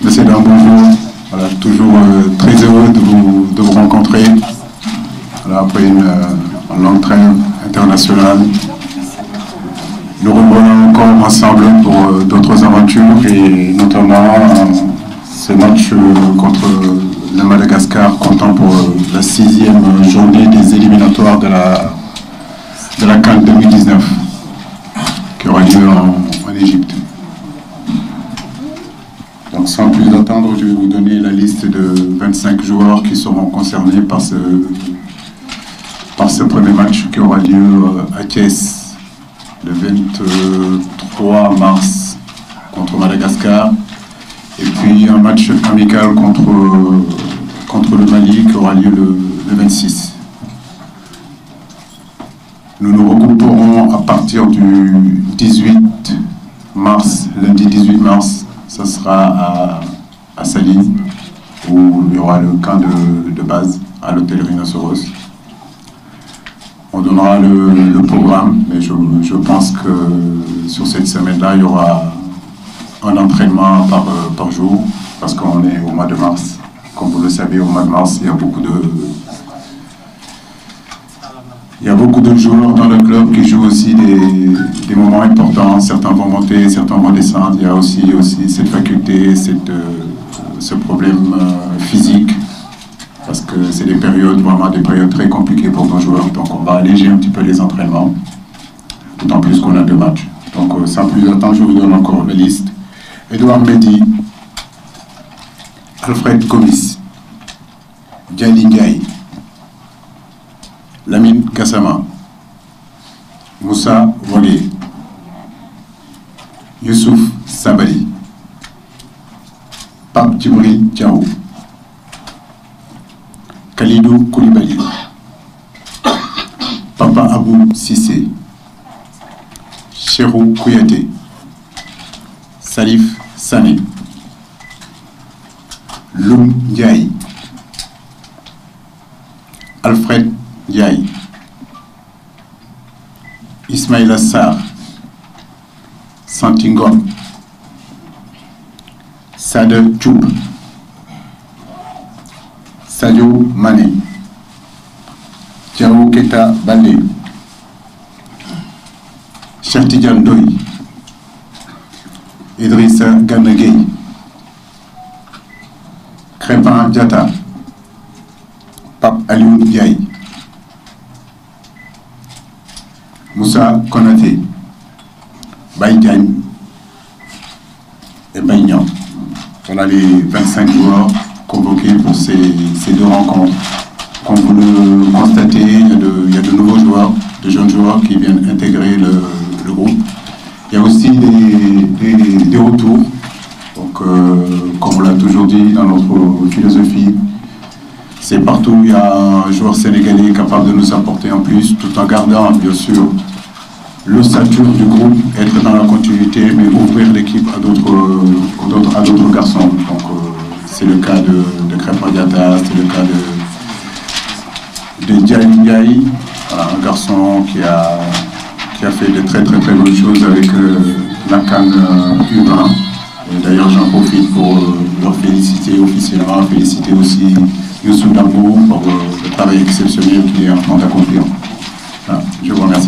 Monsieur, bonjour. toujours euh, très heureux de vous, rencontrer. après une, euh, un long train international. Nous revenons encore ensemble pour euh, d'autres aventures et notamment euh, ce match contre le Madagascar comptant pour la sixième journée des éliminatoires de la, de la CAN 2019. sans plus attendre, je vais vous donner la liste de 25 joueurs qui seront concernés par ce, par ce premier match qui aura lieu euh, à Thiès le 23 mars contre Madagascar. Et puis un match amical contre, euh, contre le Mali qui aura lieu le 26. Nous nous regrouperons à partir du 18 mars, lundi 18 mars, ça sera à, Saline, où il y aura le camp de, base à l'hôtel Rhinoceros. On donnera le, programme, mais je, pense que sur cette semaine-là, il y aura un entraînement par jour, parce qu'on est au mois de mars. Comme vous le savez, au mois de mars, il y a beaucoup de, il y a beaucoup de joueurs dans le club qui jouent aussi des, moments importants. Certains vont monter, certains vont descendre. Il y a aussi, aussi cette faculté, cette, euh, ce problème euh, physique. Parce que c'est des périodes, vraiment des périodes très compliquées pour nos joueurs. Donc on va alléger un petit peu les entraînements. D'autant plus qu'on a deux matchs. Donc euh, sans plus attendre, je vous donne encore la liste. Edouard Mehdi, Alfred Comis, Djali Ndiaye, Gassama Kassama, Moussa Wali Youssouf Sabali, Pape Djibri Djaou Khalidou Koulibaly, Papa Abou Sissé, Chérou Kouyaté, Salif Sané, Lum Ndiaye, Alfred Ndiaye, Ismail Assar, Santingom, Sade Tchoub, Sadio Mane, Tiao Keta Balé, Chertidjan Doy, Idrissa Ganagay, Crépin Djata, Pape Aliou Diaye. Moussa Konaté, Baye Diagne et On Voilà les 25 joueurs convoqués pour ces, deux rencontres. Comme vous le constatez, il y, a de, nouveaux joueurs, de jeunes joueurs qui viennent intégrer le, groupe. Il y a aussi des, retours. Donc, euh, comme on l'a toujours dit dans notre philosophie, c'est partout où il y a un joueur sénégalais capable de nous apporter en plus, tout en gardant bien sûr le statut du groupe, être dans la continuité, mais ouvrir l'équipe à d'autres euh, garçons. Donc euh, c'est le cas de, de c'est le cas de, de Ngaï, un garçon qui a, qui a fait de très très très bonnes choses avec euh, la canne euh, humain. D'ailleurs, j'en profite pour leur féliciter officiellement, féliciter aussi Youssou Dabou pour le travail exceptionnel qu'il est en train d'accomplir. je vous remercie.